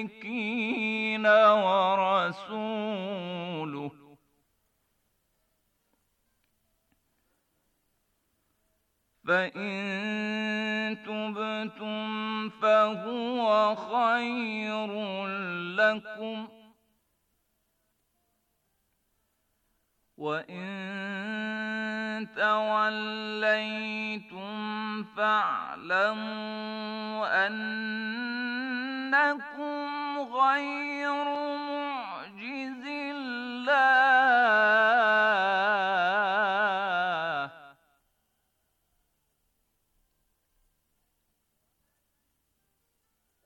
المشركين ورسوله فإن تبتم فهو خير لكم وإن توليتم فاعلموا أن غير معجز الله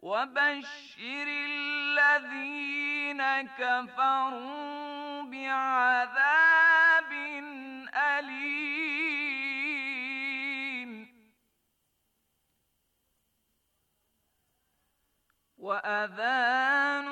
وبشر الذين كفروا بعذاب وأذان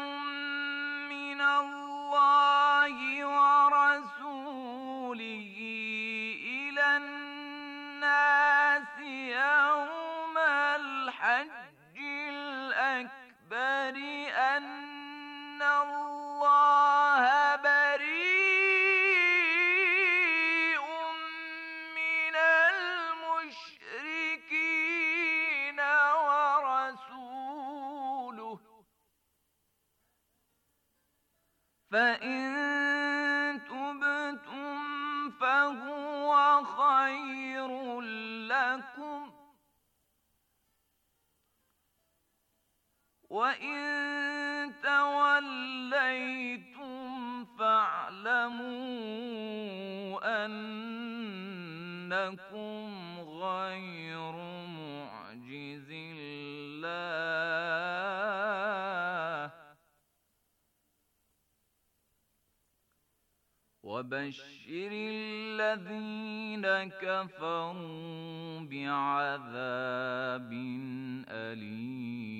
وإن توليتم فاعلموا أنكم غير الله وبشر الذين كفروا بعذاب أليم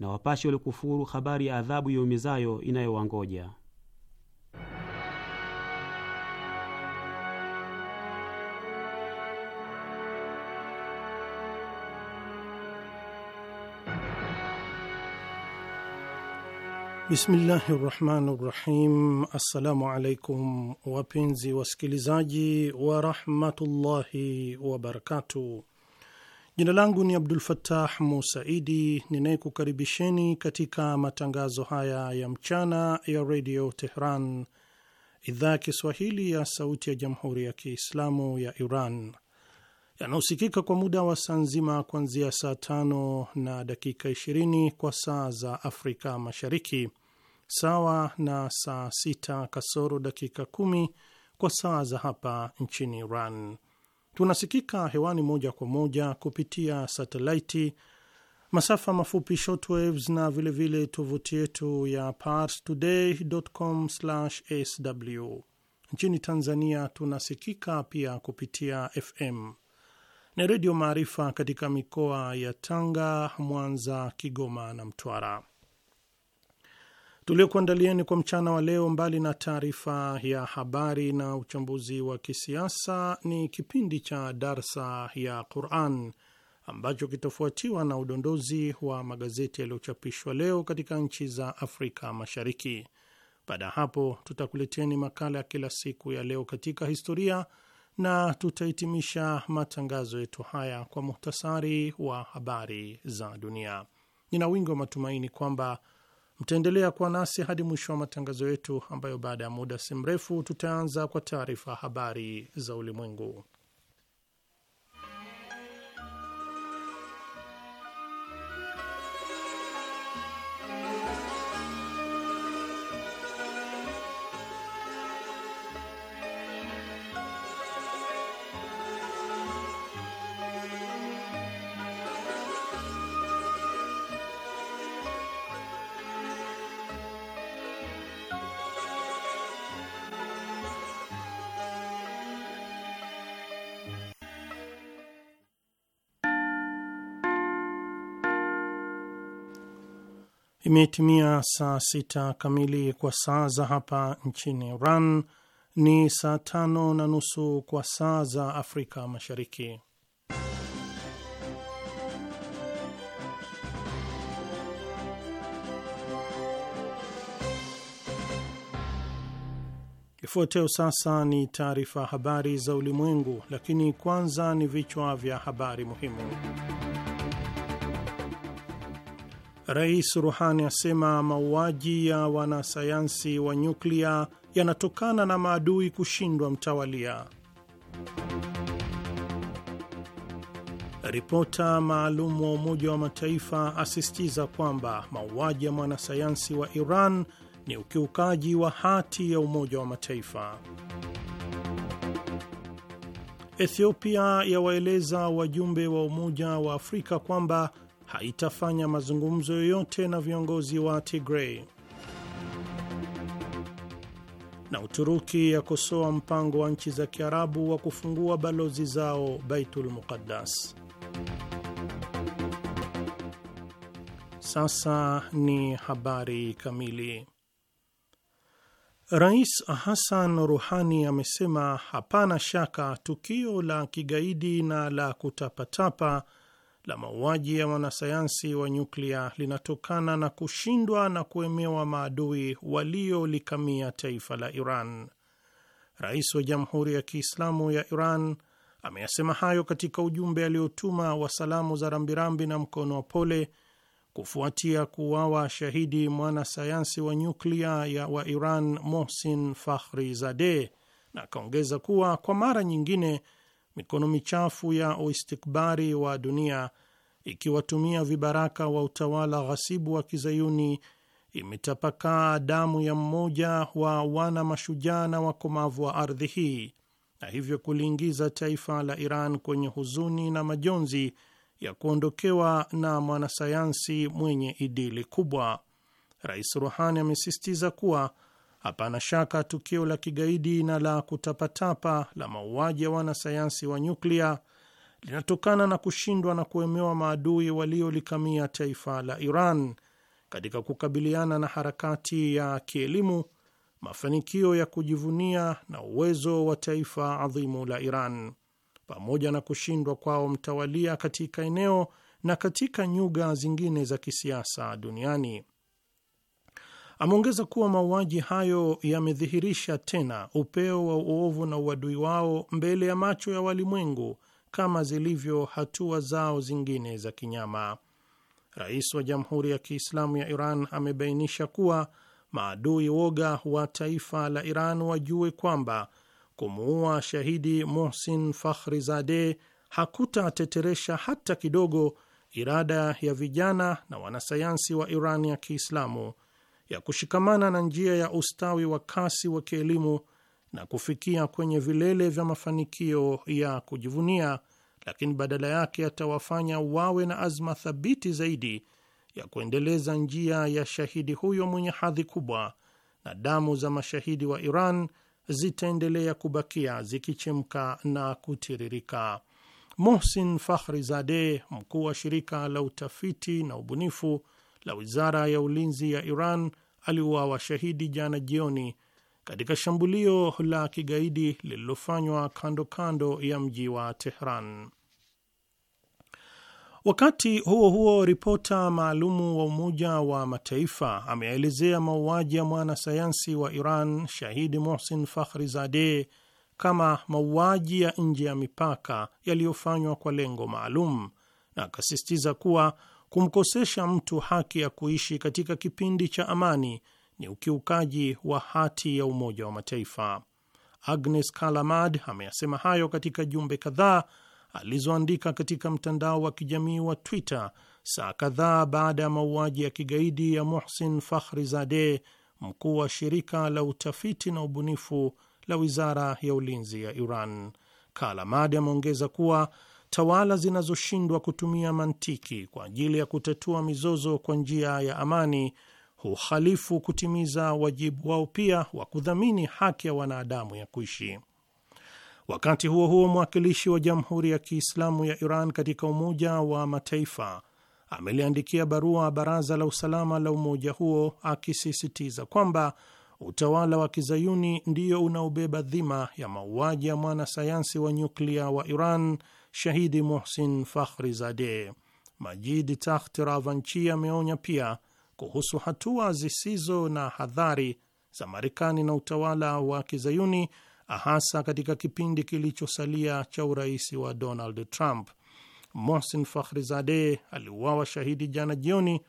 na wapashe walikufuru habari ya adhabu yaumizayo inayowangoja. Bismillahi rahmani rahim. Assalamu alaikum wapenzi wasikilizaji warahmatullahi wabarakatuh. Jina langu ni Abdul Fatah Musaidi ninayekukaribisheni katika matangazo haya ya mchana ya redio Tehran, idhaa ya Kiswahili ya sauti ya jamhuri ya Kiislamu ya Iran, yanayosikika kwa muda wa saa nzima kuanzia saa tano na dakika 20 kwa saa za Afrika Mashariki, sawa na saa sita kasoro dakika kumi kwa saa za hapa nchini Iran Tunasikika hewani moja kwa moja kupitia satelaiti, masafa mafupi shortwaves, na vilevile tovuti yetu ya parstoday.com/sw. Nchini Tanzania tunasikika pia kupitia FM ni Redio Maarifa katika mikoa ya Tanga, Mwanza, Kigoma na Mtwara tuliokuandalieni kwa mchana wa leo, mbali na taarifa ya habari na uchambuzi wa kisiasa, ni kipindi cha darsa ya Quran ambacho kitafuatiwa na udondozi wa magazeti yaliyochapishwa leo katika nchi za Afrika Mashariki. Baada ya hapo, tutakuleteni makala ya kila siku ya leo katika historia na tutahitimisha matangazo yetu haya kwa muhtasari wa habari za dunia. Nina wingi wa matumaini kwamba Mtaendelea kuwa nasi hadi mwisho wa matangazo yetu, ambayo baada ya muda si mrefu tutaanza kwa taarifa habari za ulimwengu. Imetimia saa sita kamili kwa saa za hapa nchini Iran, ni saa tano na nusu kwa saa za Afrika Mashariki. Ifuateo sasa ni taarifa habari za ulimwengu, lakini kwanza ni vichwa vya habari muhimu. Rais Ruhani asema mauaji ya wanasayansi wa nyuklia yanatokana na maadui kushindwa mtawalia. Ripota maalum wa Umoja wa Mataifa asisitiza kwamba mauaji ya mwanasayansi wa Iran ni ukiukaji wa hati ya Umoja wa Mataifa. Ethiopia yawaeleza wajumbe wa Umoja wa Afrika kwamba haitafanya mazungumzo yoyote na viongozi wa tigrey Na Uturuki yakosoa mpango wa nchi za Kiarabu wa kufungua balozi zao Baitul Muqaddas. Sasa ni habari kamili. Rais Hassan Ruhani amesema hapana shaka tukio la kigaidi na la kutapatapa la mauaji ya wanasayansi wa nyuklia linatokana na kushindwa na kuemewa maadui waliolikamia taifa la Iran. Rais wa Jamhuri ya Kiislamu ya Iran ameyasema hayo katika ujumbe aliotuma wa salamu za rambirambi na mkono wa pole kufuatia kuuawa shahidi mwanasayansi wa nyuklia ya wa Iran Mohsin Fakhrizadeh, na akaongeza kuwa kwa mara nyingine mikono michafu ya uistikbari wa dunia ikiwatumia vibaraka wa utawala ghasibu wa kizayuni imetapakaa damu ya mmoja wa wana mashujaa na wakomavu wa ardhi hii na hivyo kuliingiza taifa la Iran kwenye huzuni na majonzi ya kuondokewa na mwanasayansi mwenye idili kubwa. Rais Ruhani amesisitiza kuwa Hapana shaka tukio la kigaidi na la kutapatapa la mauaji ya wanasayansi wa nyuklia linatokana na kushindwa na kuemewa maadui waliolikamia taifa la Iran katika kukabiliana na harakati ya kielimu, mafanikio ya kujivunia na uwezo wa taifa adhimu la Iran, pamoja na kushindwa kwao mtawalia katika eneo na katika nyuga zingine za kisiasa duniani. Ameongeza kuwa mauaji hayo yamedhihirisha tena upeo wa uovu na uadui wao mbele ya macho ya walimwengu kama zilivyo hatua zao zingine za kinyama. Rais wa Jamhuri ya Kiislamu ya Iran amebainisha kuwa maadui woga wa taifa la Iran wajue kwamba kumuua shahidi Mohsin zade hakutateteresha hata kidogo irada ya vijana na wanasayansi wa Iran ya Kiislamu ya kushikamana na njia ya ustawi wa kasi wa kielimu na kufikia kwenye vilele vya mafanikio ya kujivunia, lakini badala yake atawafanya wawe na azma thabiti zaidi ya kuendeleza njia ya shahidi huyo mwenye hadhi kubwa, na damu za mashahidi wa Iran zitaendelea kubakia zikichemka na kutiririka. Mohsin Fakhrizadeh, mkuu wa shirika la utafiti na ubunifu la wizara ya ulinzi ya Iran aliuawa shahidi jana jioni katika shambulio la kigaidi lililofanywa kando kando ya mji wa Tehran. Wakati huo huo, ripota maalumu wa Umoja wa Mataifa ameelezea mauaji ya mwanasayansi wa Iran shahidi Mohsin Fakhrizadeh kama mauaji ya nje ya mipaka yaliyofanywa kwa lengo maalum, na akasisitiza kuwa kumkosesha mtu haki ya kuishi katika kipindi cha amani ni ukiukaji wa hati ya Umoja wa Mataifa. Agnes Kalamad ameyasema hayo katika jumbe kadhaa alizoandika katika mtandao wa kijamii wa Twitter saa kadhaa baada ya mauaji ya kigaidi ya Muhsin Fakhrizadeh, mkuu wa shirika la utafiti na ubunifu la wizara ya ulinzi ya Iran. Kalamad ameongeza kuwa tawala zinazoshindwa kutumia mantiki kwa ajili ya kutatua mizozo kwa njia ya amani huhalifu kutimiza wajibu wao pia wa kudhamini haki ya wanadamu ya kuishi. Wakati huo huo, mwakilishi wa Jamhuri ya Kiislamu ya Iran katika Umoja wa Mataifa ameliandikia barua Baraza la Usalama la umoja huo akisisitiza kwamba utawala wa kizayuni ndio unaobeba dhima ya mauaji ya mwanasayansi wa nyuklia wa Iran shahidi Muhsin Fakhri Zade. majid Takht Ravanchi ameonya pia kuhusu hatua zisizo na hadhari za Marekani na utawala wa kizayuni hasa katika kipindi kilichosalia cha urais wa Donald Trump. Mohsin zade aliuawa shahidi jana jioni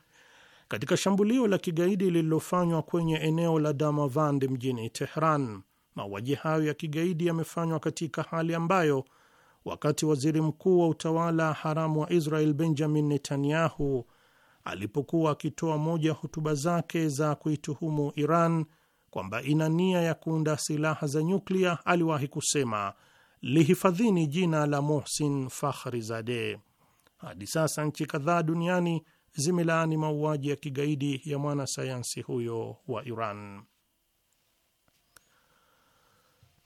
katika shambulio la kigaidi lililofanywa kwenye eneo la Damavand mjini Tehran. Mauaji hayo ya kigaidi yamefanywa katika hali ambayo wakati waziri mkuu wa utawala haramu wa Israel Benjamin Netanyahu alipokuwa akitoa moja hotuba zake za kuituhumu Iran kwamba ina nia ya kuunda silaha za nyuklia, aliwahi kusema lihifadhini jina la Mohsin Fakhrizadeh. Hadi sasa nchi kadhaa duniani zimelaani mauaji ya kigaidi ya mwanasayansi huyo wa Iran.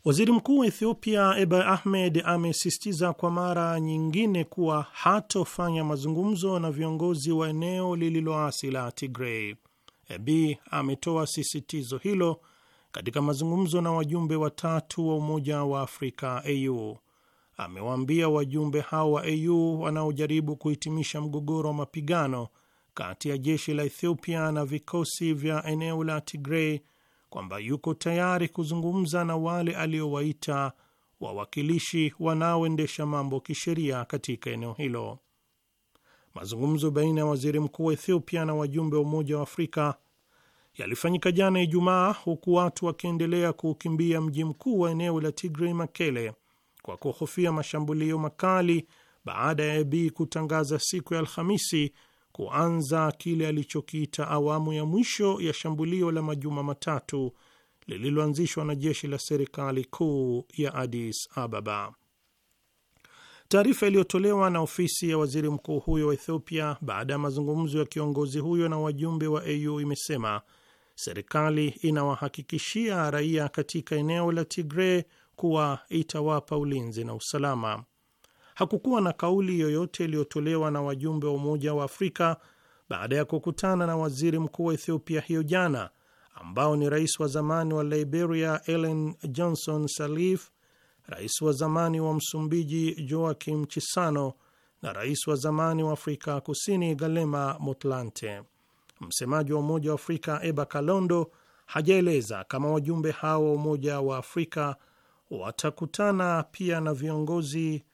Waziri mkuu wa Ethiopia Abiy Ahmed amesisitiza kwa mara nyingine kuwa hatofanya mazungumzo na viongozi wa eneo lililoasi la Tigray. Abiy ametoa sisitizo hilo katika mazungumzo na wajumbe watatu wa Umoja wa Afrika AU. Amewaambia wajumbe hao wa AU wanaojaribu kuhitimisha mgogoro wa mapigano kati ya jeshi la Ethiopia na vikosi vya eneo la Tigray kwamba yuko tayari kuzungumza na wale aliowaita wawakilishi wanaoendesha mambo kisheria katika eneo hilo. Mazungumzo baina ya waziri mkuu wa Ethiopia na wajumbe wa Umoja wa Afrika yalifanyika jana Ijumaa, huku watu wakiendelea kuukimbia mji mkuu wa eneo la Tigray, Makele, kwa kuhofia mashambulio makali baada ya Abiy kutangaza siku ya Alhamisi kuanza kile alichokiita awamu ya mwisho ya shambulio la majuma matatu lililoanzishwa na jeshi la serikali kuu ya Addis Ababa. Taarifa iliyotolewa na ofisi ya waziri mkuu huyo wa Ethiopia baada ya mazungumzo ya kiongozi huyo na wajumbe wa AU imesema serikali inawahakikishia raia katika eneo la tigre kuwa itawapa ulinzi na usalama hakukuwa na kauli yoyote iliyotolewa na wajumbe wa Umoja wa Afrika baada ya kukutana na waziri mkuu wa Ethiopia hiyo jana, ambao ni rais wa zamani wa Liberia Ellen Johnson Sirleaf, rais wa zamani wa Msumbiji Joaquim Chissano na rais wa zamani wa Afrika Kusini Galema Motlante. Msemaji wa Umoja wa Afrika Eba Kalondo hajaeleza kama wajumbe hao wa Umoja wa Afrika watakutana pia na viongozi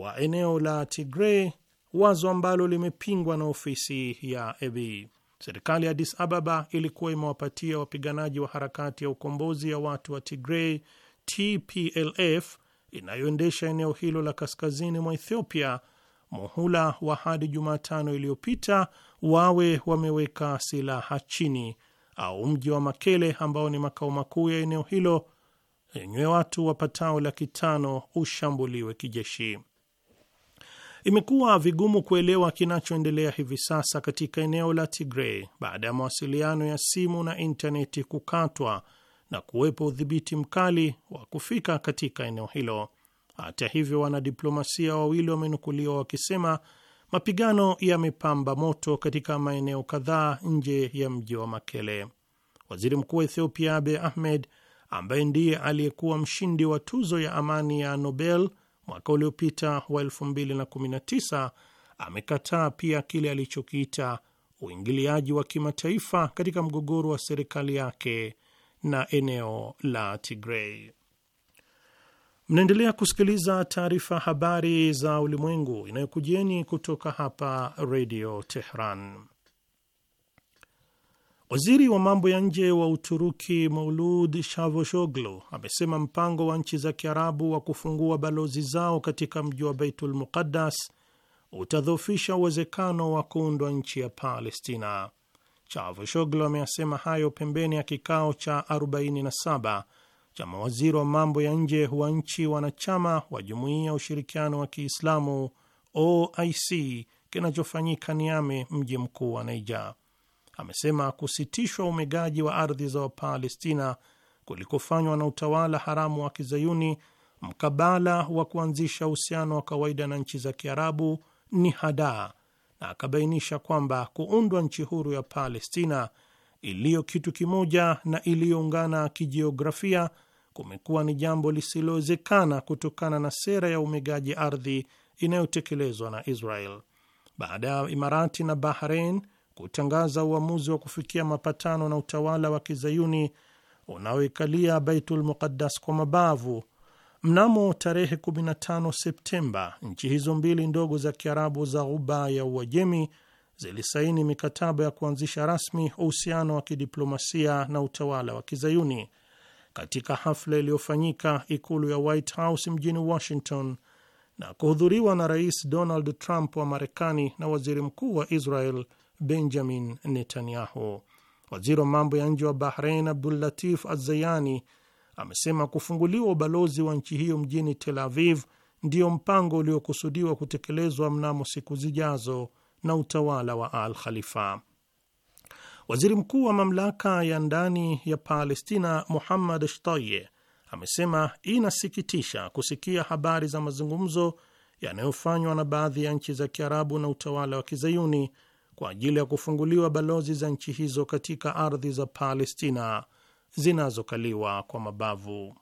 wa eneo la Tigray, wazo ambalo limepingwa na ofisi ya EB. Serikali ya Addis Ababa ilikuwa imewapatia wapiganaji wa harakati ya ukombozi ya watu wa Tigray TPLF inayoendesha eneo hilo la kaskazini mwa Ethiopia muhula wa hadi Jumatano iliyopita wawe wameweka silaha chini au mji wa Makele ambao ni makao makuu ya eneo hilo enywe watu wapatao laki tano ushambuliwe kijeshi. Imekuwa vigumu kuelewa kinachoendelea hivi sasa katika eneo la Tigray baada ya mawasiliano ya simu na intaneti kukatwa na kuwepo udhibiti mkali wa kufika katika eneo hilo. Hata hivyo, wanadiplomasia wawili wamenukuliwa wakisema mapigano yamepamba moto katika maeneo kadhaa nje ya mji wa Makele. Waziri Mkuu wa Ethiopia Abe Ahmed ambaye ndiye aliyekuwa mshindi wa tuzo ya amani ya Nobel mwaka uliopita wa 2019 amekataa pia kile alichokiita uingiliaji wa kimataifa katika mgogoro wa serikali yake na eneo la Tigray. Mnaendelea kusikiliza taarifa habari za ulimwengu inayokujeni kutoka hapa redio Tehran. Waziri wa mambo ya nje wa Uturuki Maulud Shavashoglu amesema mpango wa nchi za Kiarabu wa kufungua balozi zao katika mji wa Baitul Muqaddas utadhofisha uwezekano wa kuundwa nchi ya Palestina. chavoshoglo ameyasema hayo pembeni ya kikao cha 47 cha mawaziri wa mambo ya nje wa nchi wanachama wa Jumuiya ya Ushirikiano wa Kiislamu OIC kinachofanyika Niame, mji mkuu wa Niger amesema kusitishwa umegaji wa ardhi za Wapalestina kulikofanywa na utawala haramu wa kizayuni mkabala wa kuanzisha uhusiano wa kawaida na nchi za Kiarabu ni hadaa, na akabainisha kwamba kuundwa nchi huru ya Palestina iliyo kitu kimoja na iliyoungana kijiografia kumekuwa ni jambo lisilowezekana kutokana na sera ya umegaji ardhi inayotekelezwa na Israel. Baada ya Imarati na Bahrain kutangaza uamuzi wa kufikia mapatano na utawala wa kizayuni unaoikalia Baitul Muqaddas kwa mabavu. Mnamo tarehe 15 Septemba, nchi hizo mbili ndogo za Kiarabu za Ghuba ya Uajemi zilisaini mikataba ya kuanzisha rasmi uhusiano wa kidiplomasia na utawala wa kizayuni. Katika hafla iliyofanyika ikulu ya White House mjini Washington na kuhudhuriwa na Rais Donald Trump wa Marekani na waziri mkuu wa Israel Benjamin Netanyahu. Waziri wa mambo ya nje wa Bahrein Abdulatif Azzayani amesema kufunguliwa ubalozi wa nchi hiyo mjini Tel Aviv ndiyo mpango uliokusudiwa kutekelezwa mnamo siku zijazo na utawala wa Al Khalifa. Waziri mkuu wa mamlaka ya ndani ya Palestina Muhammad shtoye amesema inasikitisha kusikia habari za mazungumzo yanayofanywa na baadhi ya nchi za Kiarabu na utawala wa Kizayuni kwa ajili ya kufunguliwa balozi za nchi hizo katika ardhi za Palestina zinazokaliwa kwa mabavu.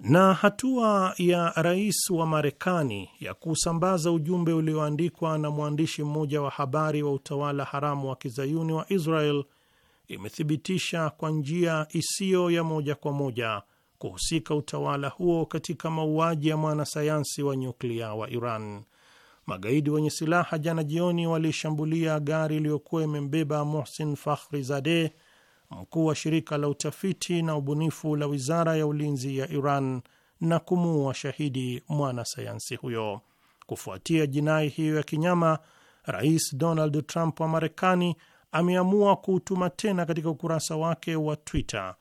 Na hatua ya rais wa Marekani ya kusambaza ujumbe ulioandikwa na mwandishi mmoja wa habari wa utawala haramu wa kizayuni wa Israel imethibitisha kwa njia isiyo ya moja kwa moja kuhusika utawala huo katika mauaji ya mwanasayansi wa nyuklia wa Iran magaidi wenye silaha jana jioni walishambulia gari iliyokuwa imembeba Mohsin Fakhri zade mkuu wa shirika la utafiti na ubunifu la wizara ya ulinzi ya Iran na kumuua shahidi mwanasayansi huyo. Kufuatia jinai hiyo ya kinyama, Rais Donald Trump wa Marekani ameamua kuutuma tena katika ukurasa wake wa Twitter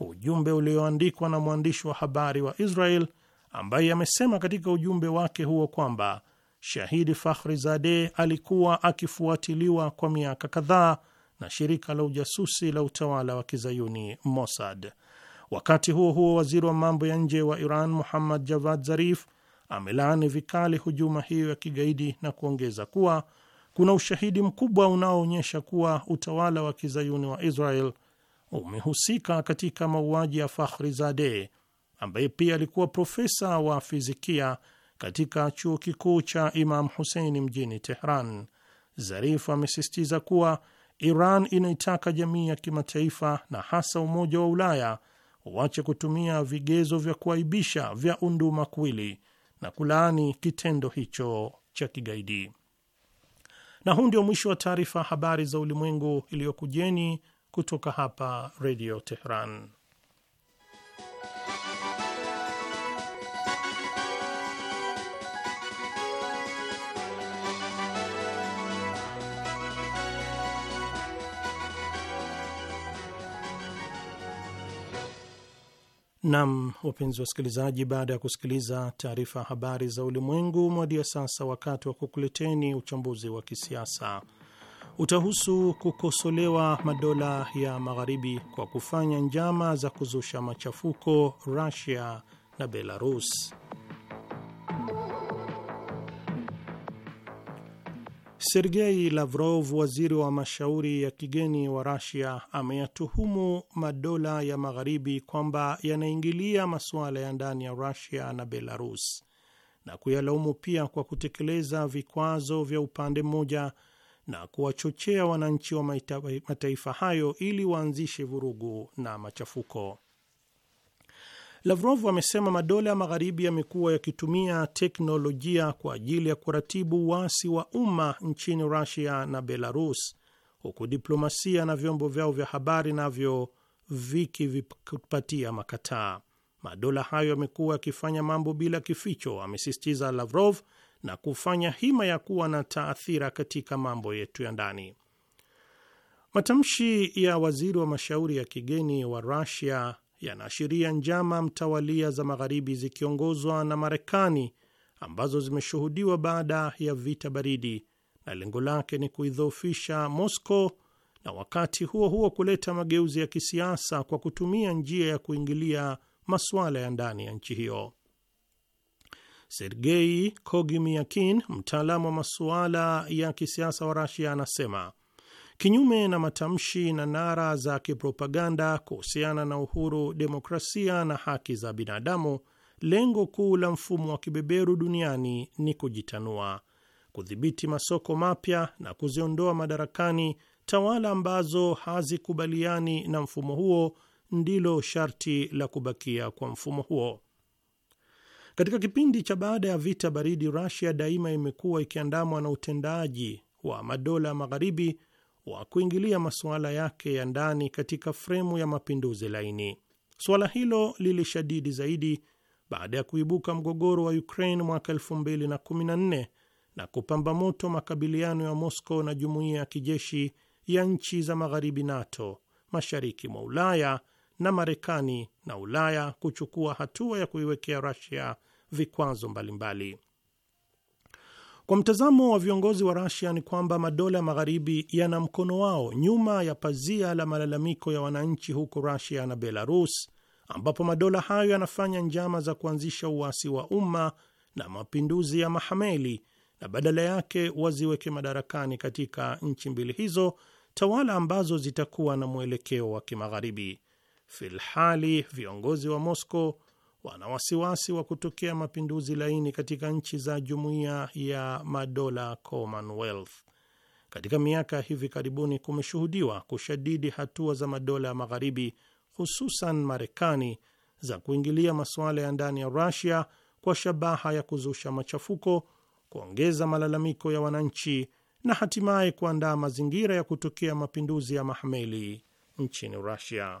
ujumbe ulioandikwa na mwandishi wa habari wa Israel ambaye amesema katika ujumbe wake huo kwamba Shahidi Fakhri Zade alikuwa akifuatiliwa kwa miaka kadhaa na shirika la ujasusi la utawala wa kizayuni Mossad. Wakati huo huo, waziri wa mambo ya nje wa Iran Muhammad Javad Zarif amelaani vikali hujuma hiyo ya kigaidi na kuongeza kuwa kuna ushahidi mkubwa unaoonyesha kuwa utawala wa kizayuni wa Israel umehusika katika mauaji ya Fakhri Zade ambaye pia alikuwa profesa wa fizikia katika chuo kikuu cha Imam Husein mjini Tehran. Zarif amesisitiza kuwa Iran inaitaka jamii ya kimataifa na hasa Umoja wa Ulaya uache kutumia vigezo vya kuaibisha vya undumakuwili na kulaani kitendo hicho cha kigaidi. Na huu ndio mwisho wa taarifa habari za ulimwengu iliyokujeni kutoka hapa Redio Tehran. Nam, wapenzi wasikilizaji, baada ya kusikiliza taarifa ya habari za ulimwengu, mwadia sasa wakati wa kukuleteni uchambuzi wa kisiasa. Utahusu kukosolewa madola ya magharibi kwa kufanya njama za kuzusha machafuko Rusia na Belarus. Sergei Lavrov, waziri wa mashauri ya kigeni wa rasia ameyatuhumu madola ya magharibi kwamba yanaingilia masuala ya ndani ya rusia na Belarus na kuyalaumu pia kwa kutekeleza vikwazo vya upande mmoja na kuwachochea wananchi wa mataifa hayo ili waanzishe vurugu na machafuko. Lavrov amesema madola ya magharibi yamekuwa yakitumia teknolojia kwa ajili ya kuratibu uasi wa umma nchini Rusia na Belarus, huku diplomasia na vyombo vyao vya habari navyo vikivipatia makataa. Madola hayo yamekuwa yakifanya mambo bila kificho, amesisitiza Lavrov, na kufanya hima ya kuwa na taathira katika mambo yetu ya ndani. Matamshi ya waziri wa mashauri ya kigeni wa Rusia yanaashiria njama mtawalia za magharibi zikiongozwa na Marekani ambazo zimeshuhudiwa baada ya vita baridi na lengo lake ni kuidhoofisha Moscow na wakati huo huo kuleta mageuzi ya kisiasa kwa kutumia njia ya kuingilia masuala ya ndani ya nchi hiyo. Sergei Kogimiakin, mtaalamu wa masuala ya kisiasa wa Rasia, anasema Kinyume na matamshi na nara za kipropaganda kuhusiana na uhuru, demokrasia na haki za binadamu, lengo kuu la mfumo wa kibeberu duniani ni kujitanua, kudhibiti masoko mapya na kuziondoa madarakani tawala ambazo hazikubaliani na mfumo huo, ndilo sharti la kubakia kwa mfumo huo. Katika kipindi cha baada ya vita baridi, Russia daima imekuwa ikiandamwa na utendaji wa madola magharibi wa kuingilia masuala yake ya ndani katika fremu ya mapinduzi laini. Suala hilo lilishadidi zaidi baada ya kuibuka mgogoro wa Ukraine mwaka 2014 na kupamba moto makabiliano ya Moscow na jumuiya ya kijeshi ya nchi za magharibi NATO, mashariki mwa Ulaya na Marekani na Ulaya kuchukua hatua ya kuiwekea rusia vikwazo mbalimbali. Kwa mtazamo wa viongozi wa Rasia ni kwamba madola magharibi yana mkono wao nyuma ya pazia la malalamiko ya wananchi huko Rasia na Belarus, ambapo madola hayo yanafanya njama za kuanzisha uasi wa umma na mapinduzi ya mahameli, na badala yake waziweke madarakani katika nchi mbili hizo tawala ambazo zitakuwa na mwelekeo wa kimagharibi. Filhali viongozi wa Moscow wana wasiwasi wa kutokea mapinduzi laini katika nchi za jumuiya ya madola Commonwealth. Katika miaka ya hivi karibuni kumeshuhudiwa kushadidi hatua za madola ya magharibi hususan Marekani za kuingilia masuala ya ndani ya Rusia kwa shabaha ya kuzusha machafuko, kuongeza malalamiko ya wananchi na hatimaye kuandaa mazingira ya kutokea mapinduzi ya mahameli nchini Rusia.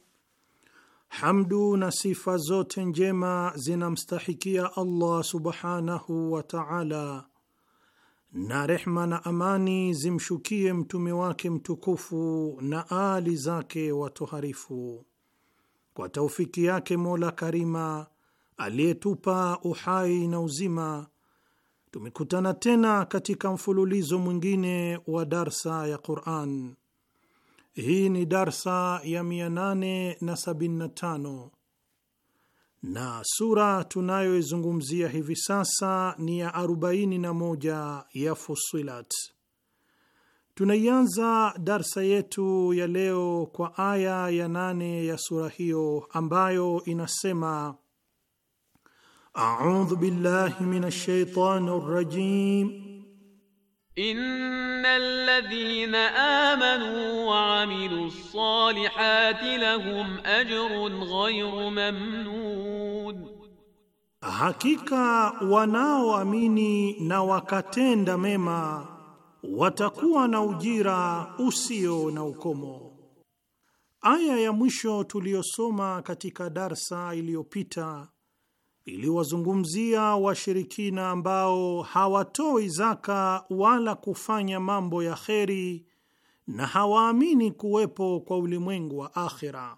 Hamdu na sifa zote njema zinamstahikia Allah subhanahu wa ta'ala, na rehma na amani zimshukie mtume wake mtukufu na ali zake watoharifu. Kwa taufiki yake Mola Karima aliyetupa uhai na uzima, tumekutana tena katika mfululizo mwingine wa darsa ya Qur'an. Hii ni darsa ya 875 na sura tunayoizungumzia hivi sasa ni ya 41 ya Fusilat. Tunaianza darsa yetu ya leo kwa aya ya 8 ya sura hiyo ambayo inasema: audhu billahi minash shaitani Innal ladhina amanu wa amilu salihati lahum ajrun ghayru mamnun, hakika wanaoamini na wakatenda mema watakuwa na ujira usio na ukomo. Aya ya mwisho tuliyosoma katika darsa iliyopita iliwazungumzia washirikina ambao hawatoi zaka wala kufanya mambo ya kheri na hawaamini kuwepo kwa ulimwengu wa akhira.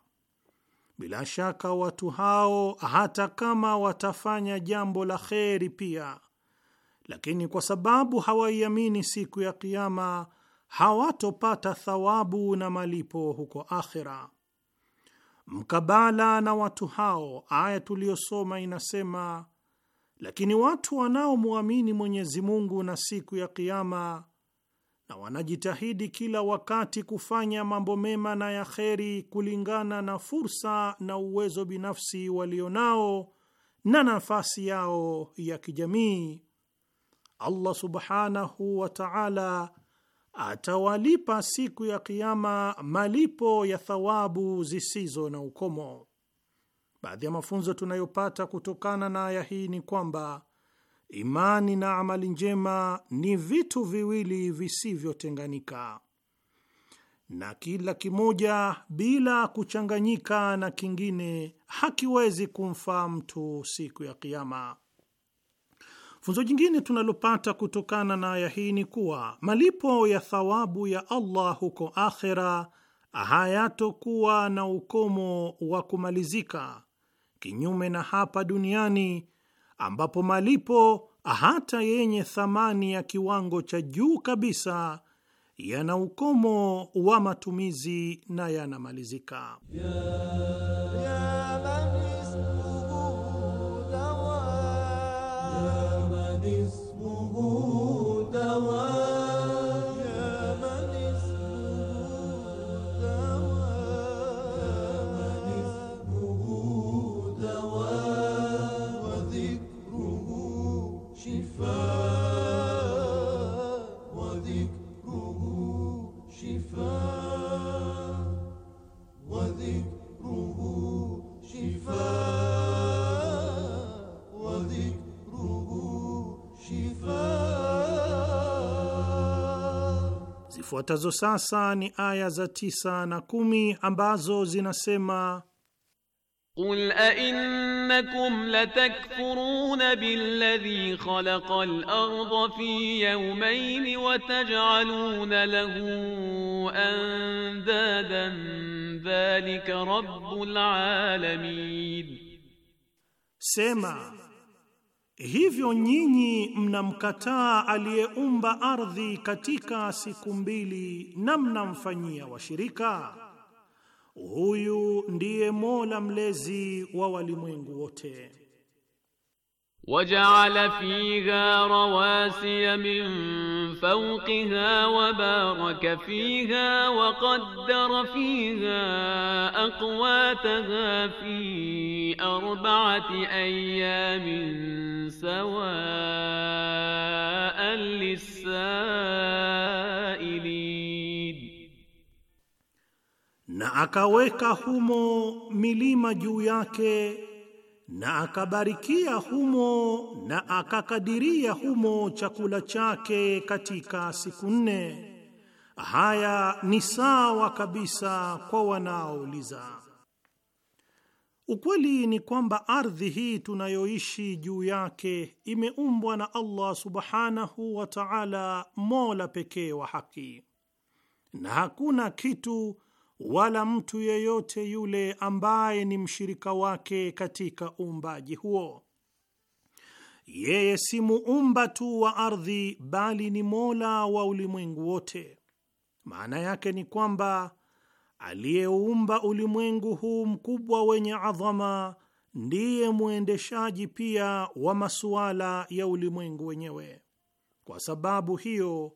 Bila shaka watu hao hata kama watafanya jambo la kheri pia, lakini kwa sababu hawaiamini siku ya Kiama hawatopata thawabu na malipo huko akhira. Mkabala na watu hao, aya tuliyosoma inasema, lakini watu wanaomwamini Mwenyezi Mungu na siku ya Kiama na wanajitahidi kila wakati kufanya mambo mema na ya kheri kulingana na fursa na uwezo binafsi walionao na nafasi yao ya kijamii, Allah subhanahu wa taala atawalipa siku ya Kiama malipo ya thawabu zisizo na ukomo. Baadhi ya mafunzo tunayopata kutokana na aya hii ni kwamba imani na amali njema ni vitu viwili visivyotenganika, na kila kimoja bila kuchanganyika na kingine hakiwezi kumfaa mtu siku ya Kiama. Funzo jingine tunalopata kutokana na aya hii ni kuwa malipo ya thawabu ya Allah huko akhera hayatokuwa na ukomo wa kumalizika, kinyume na hapa duniani ambapo malipo hata yenye thamani ya kiwango cha juu kabisa yana ukomo wa matumizi na yanamalizika ya. Zifuatazo sasa ni aya za tisa na kumi ambazo zinasema Qul ainnakum latakfuruna billadhi khalaqa al-ardha fi yawmayn wa taj'aluna lahu andadan dhalika rabbul alamin, Sema Hivyo nyinyi mnamkataa aliyeumba ardhi katika siku mbili na mnamfanyia washirika. Huyu ndiye Mola mlezi wa walimwengu wote. وجعل فيها رواسي من فوقها وبارك فيها وقدر فيها أقواتها في أربعة أيام سواء للسائلين na akaweka humo milima juu yake na akabarikia humo na akakadiria humo chakula chake katika siku nne. Haya ni sawa kabisa kwa wanaouliza. Ukweli ni kwamba ardhi hii tunayoishi juu yake imeumbwa na Allah subhanahu wa ta'ala, mola pekee wa haki, na hakuna kitu wala mtu yeyote yule ambaye ni mshirika wake katika uumbaji huo. Yeye si muumba tu wa ardhi, bali ni mola wa ulimwengu wote. Maana yake ni kwamba aliyeumba ulimwengu huu mkubwa wenye adhama ndiye mwendeshaji pia wa masuala ya ulimwengu wenyewe. Kwa sababu hiyo,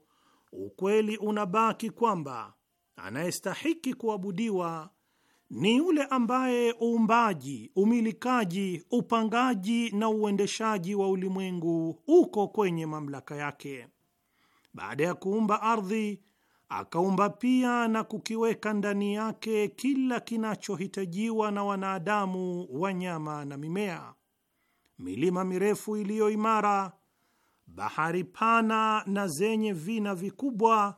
ukweli unabaki kwamba anayestahiki kuabudiwa ni yule ambaye uumbaji, umilikaji, upangaji na uendeshaji wa ulimwengu uko kwenye mamlaka yake. Baada ya kuumba ardhi, akaumba pia na kukiweka ndani yake kila kinachohitajiwa na wanadamu, wanyama na mimea, milima mirefu iliyo imara, bahari pana na zenye vina vikubwa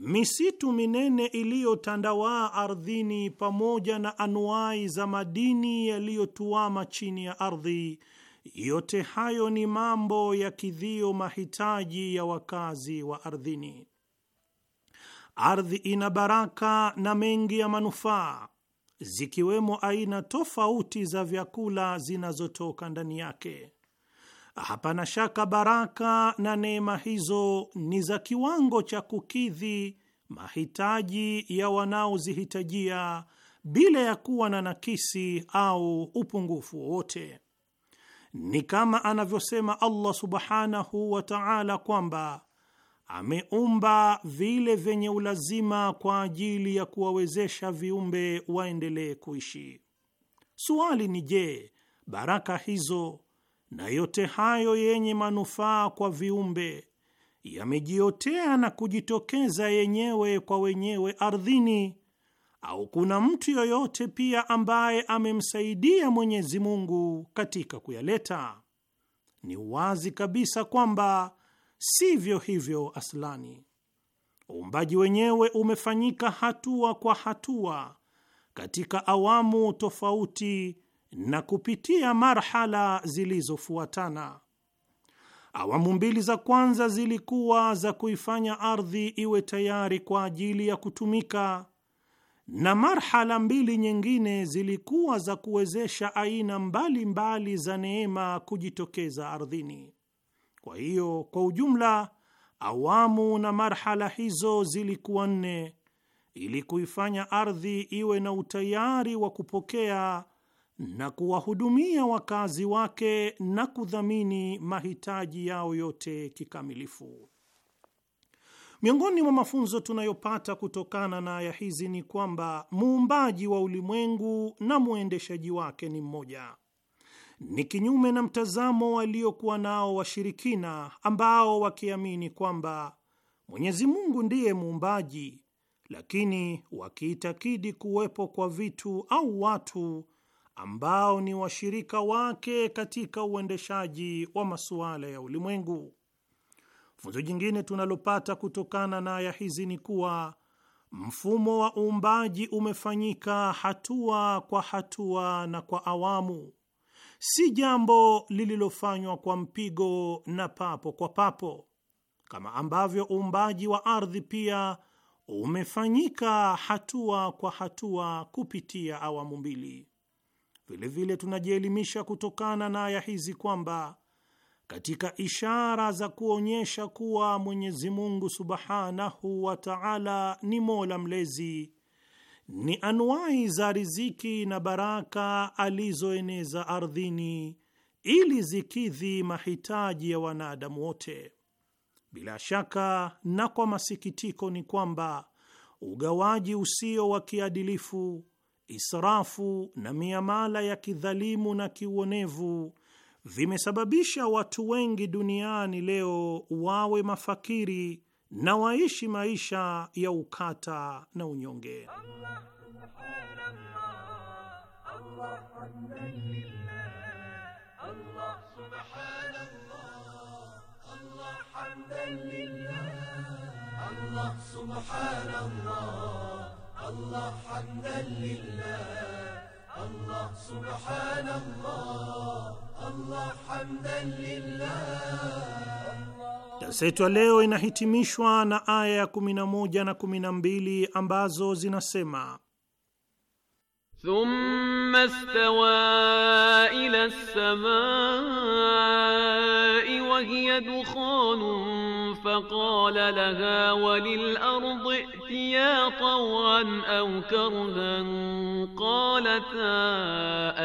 Misitu minene iliyotandawaa ardhini pamoja na anuai za madini yaliyotuama chini ya ardhi, yote hayo ni mambo yakidhio mahitaji ya wakazi wa ardhini. Ardhi ina baraka na mengi ya manufaa, zikiwemo aina tofauti za vyakula zinazotoka ndani yake. Hapana shaka baraka na neema hizo ni za kiwango cha kukidhi mahitaji ya wanaozihitajia bila ya kuwa na nakisi au upungufu wowote. Ni kama anavyosema Allah subhanahu wa ta'ala kwamba ameumba vile vyenye ulazima kwa ajili ya kuwawezesha viumbe waendelee kuishi. Suali ni je, baraka hizo na yote hayo yenye manufaa kwa viumbe yamejiotea na kujitokeza yenyewe kwa wenyewe ardhini, au kuna mtu yoyote pia ambaye amemsaidia Mwenyezi Mungu katika kuyaleta? Ni wazi kabisa kwamba sivyo hivyo aslani. Uumbaji wenyewe umefanyika hatua kwa hatua katika awamu tofauti na kupitia marhala zilizofuatana. Awamu mbili za kwanza zilikuwa za kuifanya ardhi iwe tayari kwa ajili ya kutumika, na marhala mbili nyingine zilikuwa za kuwezesha aina mbalimbali mbali za neema kujitokeza ardhini. Kwa hiyo, kwa ujumla, awamu na marhala hizo zilikuwa nne ili kuifanya ardhi iwe na utayari wa kupokea na kuwahudumia wakazi wake na kudhamini mahitaji yao yote kikamilifu. Miongoni mwa mafunzo tunayopata kutokana na aya hizi ni kwamba muumbaji wa ulimwengu na mwendeshaji wake ni mmoja. Ni kinyume na mtazamo waliokuwa nao washirikina ambao wakiamini kwamba Mwenyezi Mungu ndiye muumbaji, lakini wakiitakidi kuwepo kwa vitu au watu ambao ni washirika wake katika uendeshaji wa masuala ya ulimwengu. Funzo jingine tunalopata kutokana na aya hizi ni kuwa mfumo wa uumbaji umefanyika hatua kwa hatua na kwa awamu, si jambo lililofanywa kwa mpigo na papo kwa papo, kama ambavyo uumbaji wa ardhi pia umefanyika hatua kwa hatua kupitia awamu mbili. Vilevile tunajielimisha kutokana na aya hizi kwamba katika ishara za kuonyesha kuwa Mwenyezi Mungu Subhanahu wa Ta'ala ni Mola mlezi ni anuwai za riziki na baraka alizoeneza ardhini ili zikidhi mahitaji ya wanadamu wote. Bila shaka na kwa masikitiko ni kwamba ugawaji usio wa kiadilifu israfu na miamala ya kidhalimu na kiuonevu vimesababisha watu wengi duniani leo wawe mafakiri na waishi maisha ya ukata na unyonge. Allah, الله حمدا لله الله سبحان الله الله حمدا لله Darsa yetu ya leo inahitimishwa na aya ya 11 na 12 ambazo zinasema Thumma stawa ila samai wa hiya dukhanun faqala laha walil ardi ائتيا طوعا أو كرها قالتا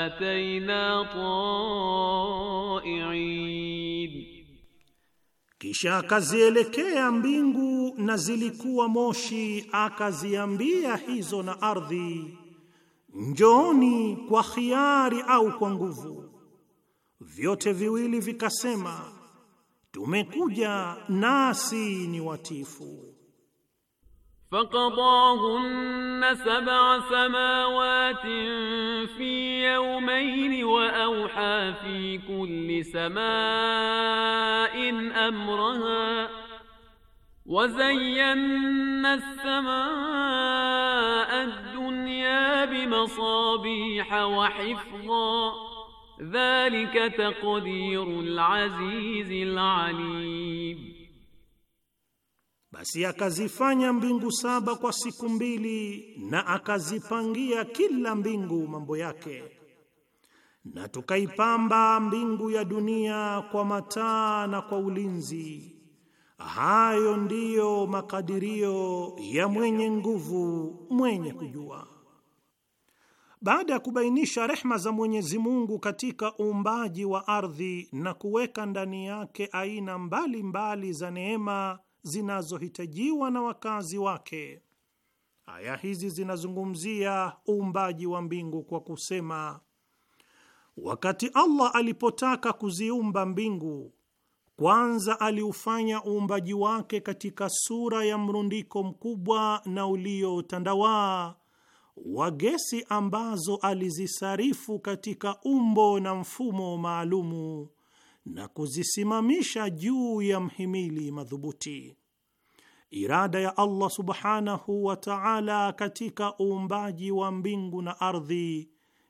أتينا طائعين Kisha akazielekea mbingu na zilikuwa moshi, akaziambia hizo na ardhi, njooni kwa khiari au kwa nguvu. Vyote viwili vikasema, tumekuja nasi ni watifu. فقضاهن سبع سماوات في يومين وأوحى في كل سماء أمرها وزينا السماء الدنيا بمصابيح وحفظا ذلك تقدير العزيز العليم Basi akazifanya mbingu saba kwa siku mbili, na akazipangia kila mbingu mambo yake. Na tukaipamba mbingu ya dunia kwa mataa na kwa ulinzi. Hayo ndiyo makadirio ya mwenye nguvu, mwenye kujua. Baada ya kubainisha rehma za Mwenyezi Mungu katika uumbaji wa ardhi na kuweka ndani yake aina mbalimbali mbali za neema zinazohitajiwa na wakazi wake. Aya hizi zinazungumzia uumbaji wa mbingu kwa kusema, wakati Allah alipotaka kuziumba mbingu, kwanza aliufanya uumbaji wake katika sura ya mrundiko mkubwa na uliotandawaa wa gesi ambazo alizisarifu katika umbo na mfumo maalumu na kuzisimamisha juu ya mhimili madhubuti. Irada ya Allah subhanahu wa ta'ala katika uumbaji wa mbingu na ardhi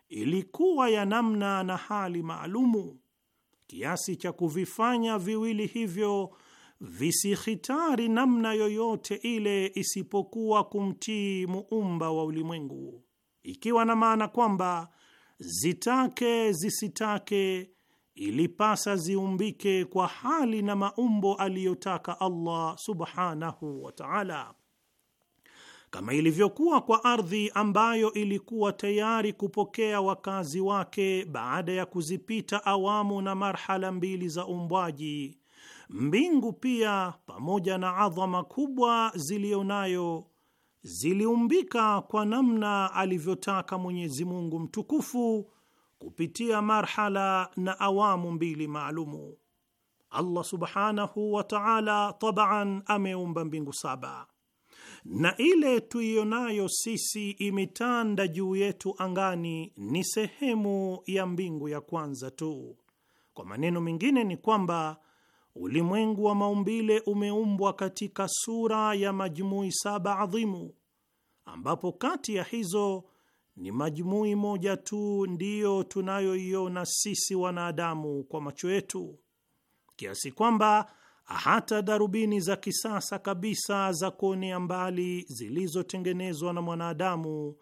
ilikuwa ya namna na hali maalumu kiasi cha kuvifanya viwili hivyo visihitari namna yoyote ile isipokuwa kumtii muumba wa ulimwengu, ikiwa na maana kwamba zitake zisitake ilipasa ziumbike kwa hali na maumbo aliyotaka Allah subhanahu wa ta'ala, kama ilivyokuwa kwa ardhi ambayo ilikuwa tayari kupokea wakazi wake baada ya kuzipita awamu na marhala mbili za umbwaji. Mbingu pia, pamoja na adhama kubwa zilionayo, ziliumbika kwa namna alivyotaka Mwenyezi Mungu mtukufu kupitia marhala na awamu mbili maalumu. Allah subhanahu wa ta'ala tabaan ameumba mbingu saba na ile tuionayo sisi imetanda juu yetu angani ni sehemu ya mbingu ya kwanza tu. Kwa maneno mengine, ni kwamba ulimwengu wa maumbile umeumbwa katika sura ya majumui saba adhimu, ambapo kati ya hizo ni majumui moja tu ndiyo tunayoiona sisi wanadamu kwa macho yetu, kiasi kwamba hata darubini za kisasa kabisa za kuonea mbali zilizotengenezwa na mwanadamu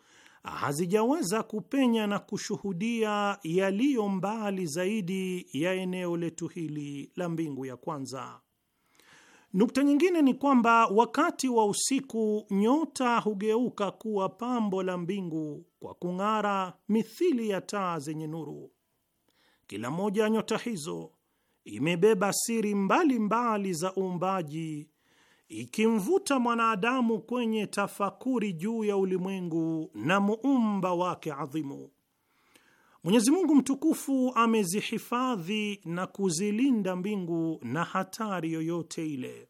hazijaweza kupenya na kushuhudia yaliyo mbali zaidi ya eneo letu hili la mbingu ya kwanza. Nukta nyingine ni kwamba wakati wa usiku nyota hugeuka kuwa pambo la mbingu kwa kung'ara mithili ya taa zenye nuru. Kila moja ya nyota hizo imebeba siri mbalimbali mbali za uumbaji, ikimvuta mwanadamu kwenye tafakuri juu ya ulimwengu na muumba wake adhimu. Mwenyezi Mungu mtukufu amezihifadhi na kuzilinda mbingu na hatari yoyote ile.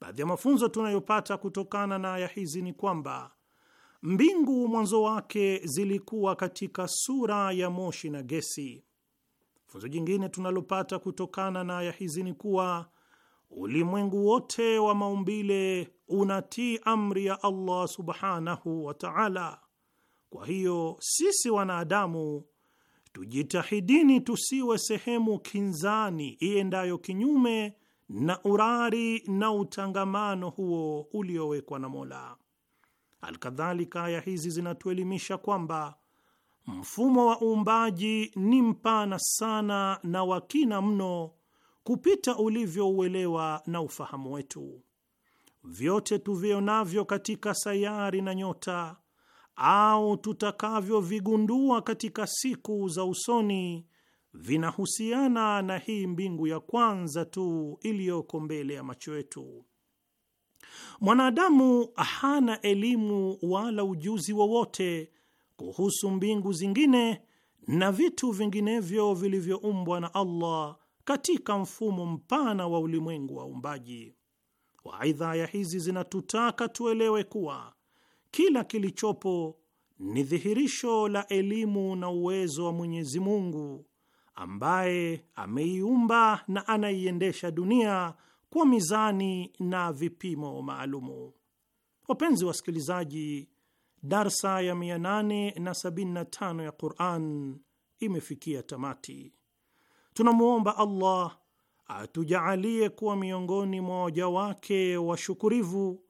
Baadhi ya mafunzo tunayopata kutokana na aya hizi ni kwamba mbingu mwanzo wake zilikuwa katika sura ya moshi na gesi. Funzo jingine tunalopata kutokana na aya hizi ni kuwa ulimwengu wote wa maumbile unatii amri ya Allah subhanahu wa ta'ala. Kwa hiyo sisi wanadamu tujitahidini tusiwe sehemu kinzani iendayo kinyume na urari na utangamano huo uliowekwa na Mola. Alkadhalika, aya hizi zinatuelimisha kwamba mfumo wa uumbaji ni mpana sana na wa kina mno kupita ulivyouelewa na ufahamu wetu. Vyote tuvionavyo katika sayari na nyota au tutakavyovigundua katika siku za usoni vinahusiana na hii mbingu ya kwanza tu iliyoko mbele ya macho yetu. Mwanadamu hana elimu wala ujuzi wowote wa kuhusu mbingu zingine na vitu vinginevyo vilivyoumbwa na Allah katika mfumo mpana wa ulimwengu wa uumbaji. Waidha, aya hizi zinatutaka tuelewe kuwa kila kilichopo ni dhihirisho la elimu na uwezo wa Mwenyezi Mungu ambaye ameiumba na anaiendesha dunia kwa mizani na vipimo maalumu. Wapenzi wasikilizaji, darsa ya 875 ya Quran imefikia tamati. Tunamwomba Allah atujaalie kuwa miongoni mwa waja wake washukurivu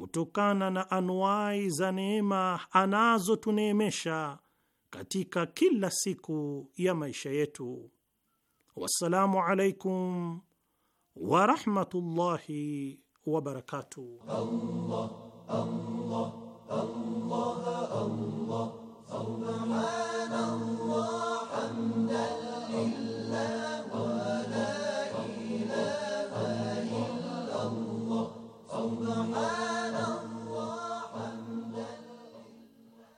kutokana na anuai za neema anazotuneemesha katika kila siku ya maisha yetu. Wassalamu alaikum warahmatullahi wabarakatuh. Allah, Allah, Allah, Allah, subhanallah. Oh, my.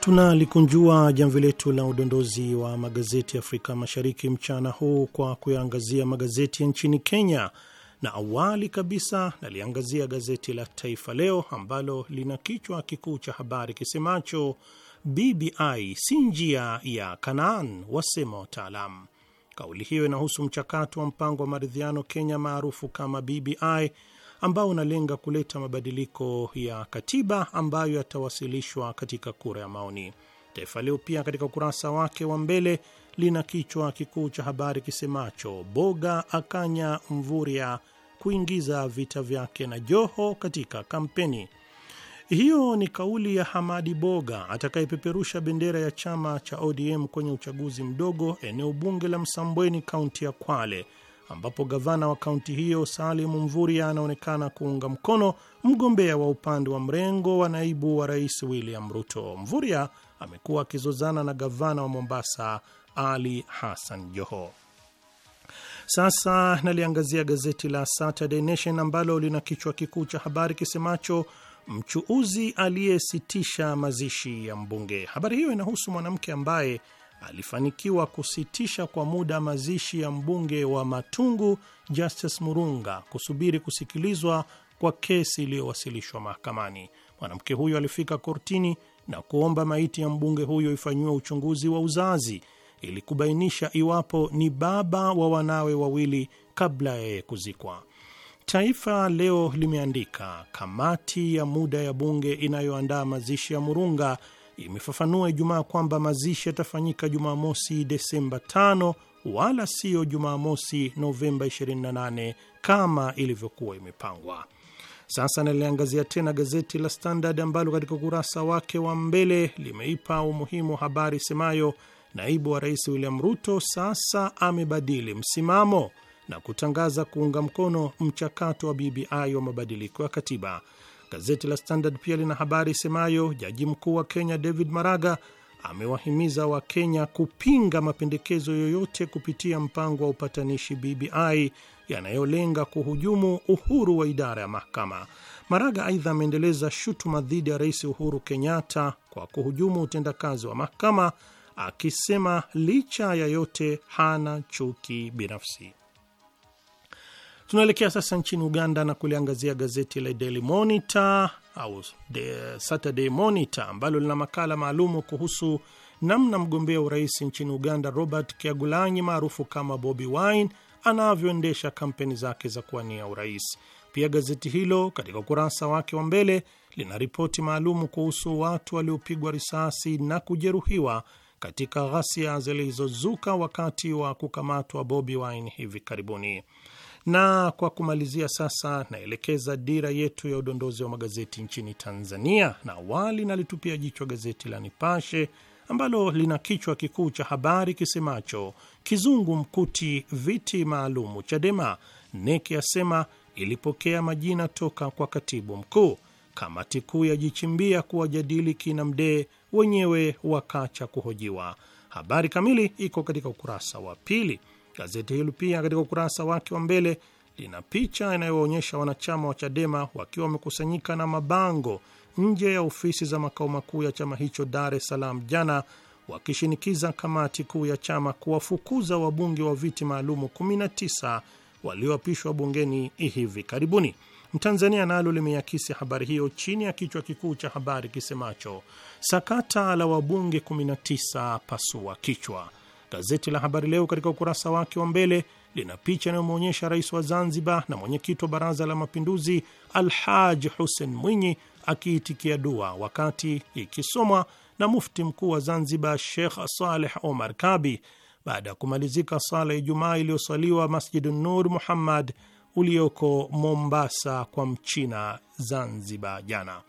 Tunalikunjua jamvi letu la udondozi wa magazeti Afrika Mashariki mchana huu kwa kuyaangazia magazeti ya nchini Kenya, na awali kabisa naliangazia gazeti la Taifa Leo ambalo lina kichwa kikuu cha habari kisemacho BBI si njia ya Kanaan, wasema wataalam. Kauli hiyo inahusu mchakato wa mpango wa maridhiano Kenya maarufu kama BBI ambao unalenga kuleta mabadiliko ya katiba ambayo yatawasilishwa katika kura ya maoni. Taifa Leo pia katika ukurasa wake wa mbele lina kichwa kikuu cha habari kisemacho Boga akanya Mvurya kuingiza vita vyake na Joho katika kampeni. Hiyo ni kauli ya Hamadi Boga atakayepeperusha bendera ya chama cha ODM kwenye uchaguzi mdogo eneo bunge la Msambweni, kaunti ya Kwale, ambapo gavana wa kaunti hiyo Salim Mvurya anaonekana kuunga mkono mgombea wa upande wa mrengo wa naibu wa rais William Ruto. Mvurya amekuwa akizozana na gavana wa Mombasa Ali Hassan Joho. Sasa naliangazia gazeti la Saturday Nation ambalo lina kichwa kikuu cha habari kisemacho mchuuzi aliyesitisha mazishi ya mbunge. Habari hiyo inahusu mwanamke ambaye alifanikiwa kusitisha kwa muda mazishi ya mbunge wa Matungu Justus Murunga kusubiri kusikilizwa kwa kesi iliyowasilishwa mahakamani. Mwanamke huyo alifika kortini na kuomba maiti ya mbunge huyo ifanyiwe uchunguzi wa uzazi ili kubainisha iwapo ni baba wa wanawe wawili kabla yeye kuzikwa. Taifa Leo limeandika kamati ya muda ya bunge inayoandaa mazishi ya Murunga imefafanua Ijumaa kwamba mazishi yatafanyika Jumamosi Desemba 5 wala siyo Jumamosi Novemba 28 kama ilivyokuwa imepangwa. Sasa naliangazia tena gazeti la Standard ambalo katika ukurasa wake wa mbele limeipa umuhimu habari semayo naibu wa rais William Ruto sasa amebadili msimamo na kutangaza kuunga mkono mchakato wa BBI wa mabadiliko ya katiba. Gazeti la Standard pia lina habari isemayo jaji mkuu wa Kenya David Maraga amewahimiza Wakenya kupinga mapendekezo yoyote kupitia mpango wa upatanishi BBI yanayolenga kuhujumu uhuru wa idara ya mahakama. Maraga aidha ameendeleza shutuma dhidi ya Rais Uhuru Kenyatta kwa kuhujumu utendakazi wa mahakama, akisema licha ya yote hana chuki binafsi. Tunaelekea sasa nchini Uganda na kuliangazia gazeti la Daily Monitor au The Saturday Monitor ambalo lina makala maalumu kuhusu namna mgombea urais nchini Uganda Robert Kyagulanyi maarufu kama Bobi Wine anavyoendesha kampeni zake za kuwania urais. Pia gazeti hilo katika ukurasa wake wa mbele lina ripoti maalumu kuhusu watu waliopigwa risasi na kujeruhiwa katika ghasia zilizozuka wakati wa kukamatwa Bobi Wine hivi karibuni. Na kwa kumalizia sasa, naelekeza dira yetu ya udondozi wa magazeti nchini Tanzania, na awali nalitupia jichwa gazeti la Nipashe ambalo lina kichwa kikuu cha habari kisemacho kizungu mkuti viti maalumu Chadema, neki asema ilipokea majina toka kwa katibu mkuu. Kamati kuu yajichimbia kuwajadili kina Mdee, wenyewe wakacha kuhojiwa. Habari kamili iko katika ukurasa wa pili. Gazeti hilo pia katika ukurasa wake wa mbele lina picha inayoonyesha wanachama wa Chadema wakiwa wamekusanyika na mabango nje ya ofisi za makao makuu ya chama hicho Dar es Salaam jana, wakishinikiza kamati kuu ya chama kuwafukuza wabunge wa viti maalumu 19 walioapishwa bungeni hivi karibuni. Mtanzania nalo limeakisi habari hiyo chini ya kichwa kikuu cha habari kisemacho sakata la wabunge 19 pasua kichwa. Gazeti la Habari Leo katika ukurasa wake wa mbele lina picha inayomwonyesha rais wa Zanzibar na mwenyekiti wa Baraza la Mapinduzi Alhaj Hussein Mwinyi akiitikia dua, wakati ikisomwa na mufti mkuu wa Zanzibar Sheikh Saleh Omar Kabi baada ya kumalizika sala ya Ijumaa iliyosaliwa Masjid Nur Muhammad ulioko Mombasa kwa Mchina Zanzibar jana.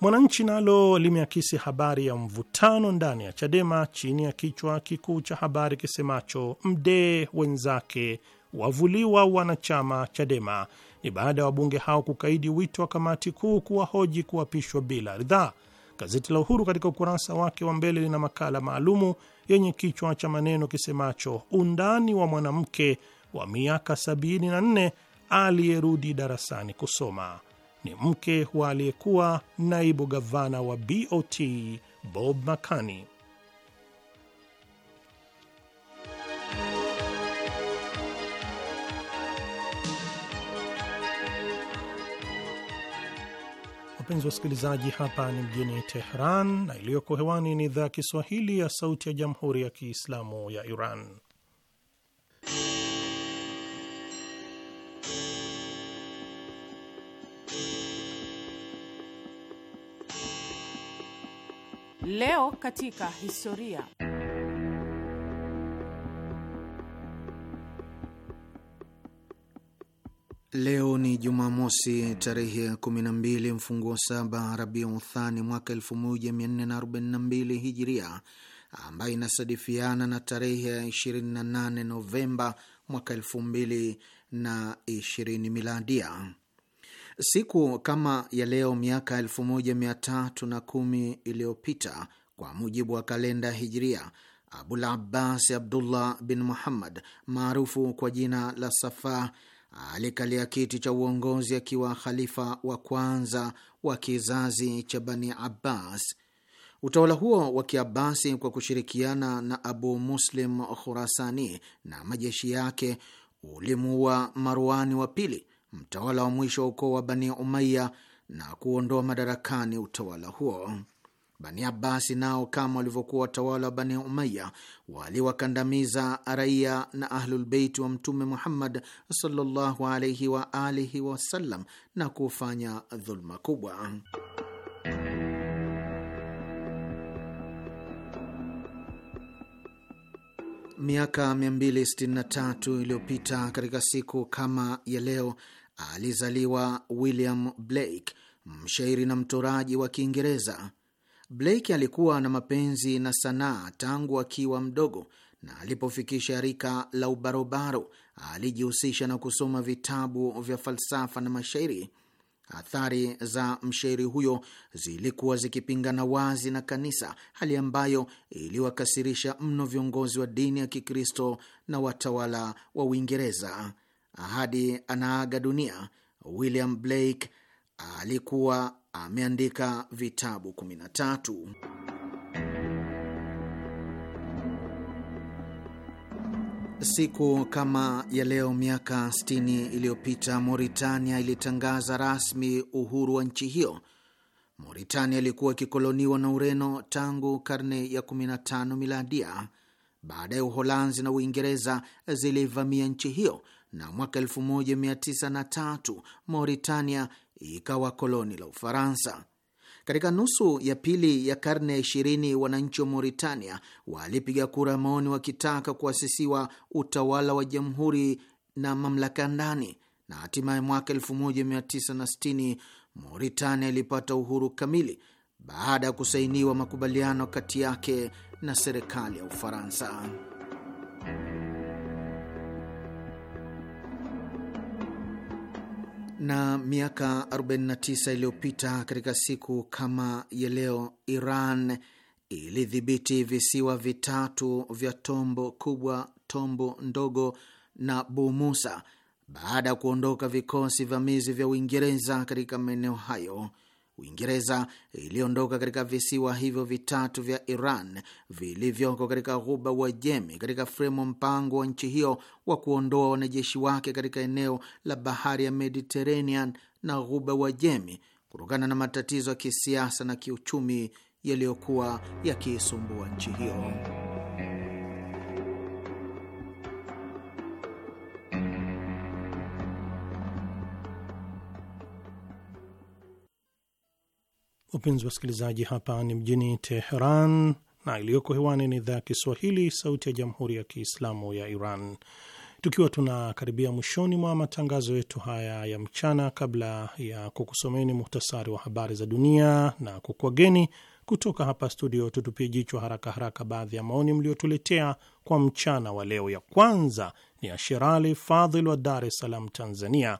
Mwananchi nalo limeakisi habari ya mvutano ndani ya Chadema chini ya kichwa kikuu cha habari kisemacho Mdee wenzake wavuliwa wanachama Chadema. Ni baada ya wabunge hao kukaidi wito wa kamati kuu kuwahoji kuapishwa bila ridhaa. Gazeti la Uhuru katika ukurasa wake wa mbele lina makala maalumu yenye kichwa cha maneno kisemacho undani wa mwanamke wa miaka 74 aliyerudi darasani kusoma ni mke wa aliyekuwa naibu gavana wa BOT Bob Makani. Wapenzi wasikilizaji, hapa ni mjini Tehran na iliyoko hewani ni idhaa ya Kiswahili ya Sauti ya Jamhuri ya Kiislamu ya Iran. Leo katika historia. Leo ni Jumamosi tarehe ya 12 mfunguo saba Rabiu Thani mwaka 1442 Hijiria, ambayo inasadifiana na tarehe ya 28 Novemba mwaka 2020 Miladia. Siku kama ya leo miaka elfu moja mia tatu na kumi iliyopita kwa mujibu wa kalenda Hijria, Abul Abbas Abdullah bin Muhammad maarufu kwa jina la Safa alikalia kiti cha uongozi akiwa khalifa wa kwanza wa kizazi cha Bani Abbas. Utawala huo wa Kiabasi kwa kushirikiana na Abu Muslim Khurasani na majeshi yake ulimuua Marwani wa pili mtawala wa mwisho wa ukoo wa Bani Umaya na kuondoa madarakani utawala huo. Bani Abasi nao kama walivyokuwa watawala wa Bani Umaya waliwakandamiza raia na Ahlulbeiti wa Mtume Muhammad sallallahu alaihi wa alihi wasallam na kufanya dhuluma kubwa. Miaka 263 iliyopita katika siku kama ya leo alizaliwa William Blake, mshairi na mtoraji wa Kiingereza. Blake alikuwa na mapenzi na sanaa tangu akiwa mdogo, na alipofikisha rika la ubarobaro alijihusisha na kusoma vitabu vya falsafa na mashairi. Athari za mshairi huyo zilikuwa zikipingana wazi na kanisa, hali ambayo iliwakasirisha mno viongozi wa dini ya Kikristo na watawala wa Uingereza hadi anaaga dunia, William Blake alikuwa ameandika vitabu 13. Siku kama ya leo miaka 60 iliyopita Mauritania ilitangaza rasmi uhuru wa nchi hiyo. Mauritania ilikuwa ikikoloniwa na Ureno tangu karne ya 15 miladia. Baadaye Uholanzi na Uingereza zilivamia nchi hiyo na mwaka 1903 Mauritania ikawa koloni la Ufaransa. Katika nusu ya pili ya karne ya ishirini wananchi wa Mauritania walipiga kura maoni wakitaka kuasisiwa utawala wa jamhuri na mamlaka ndani, na hatimaye mwaka 1960 Mauritania ilipata uhuru kamili baada ya kusainiwa makubaliano kati yake na serikali ya Ufaransa. Na miaka 49 iliyopita katika siku kama ya leo, Iran ilidhibiti visiwa vitatu vya Tombo Kubwa, Tombo Ndogo na Bu Musa baada ya kuondoka vikosi vamizi vya Uingereza katika maeneo hayo. Uingereza iliondoka katika visiwa hivyo vitatu vya Iran vilivyoko katika ghuba Jemi katika fremu mpango wa nchi hiyo wa kuondoa wanajeshi wake katika eneo la bahari ya Mediterranean na ghuba Jemi kutokana na matatizo ya kisiasa na kiuchumi yaliyokuwa yakiisumbua nchi hiyo. Wapenzi wasikilizaji, hapa ni mjini Teheran na iliyoko hewani ni idhaa ya Kiswahili, sauti ya jamhuri ya kiislamu ya Iran. Tukiwa tunakaribia mwishoni mwa matangazo yetu haya ya mchana, kabla ya kukusomeni muhtasari wa habari za dunia na kukwageni kutoka hapa studio, tutupie jicho haraka haraka baadhi ya maoni mliotuletea kwa mchana wa leo. Ya kwanza ni Ashirali Fadhil wa Dar es Salaam, Tanzania.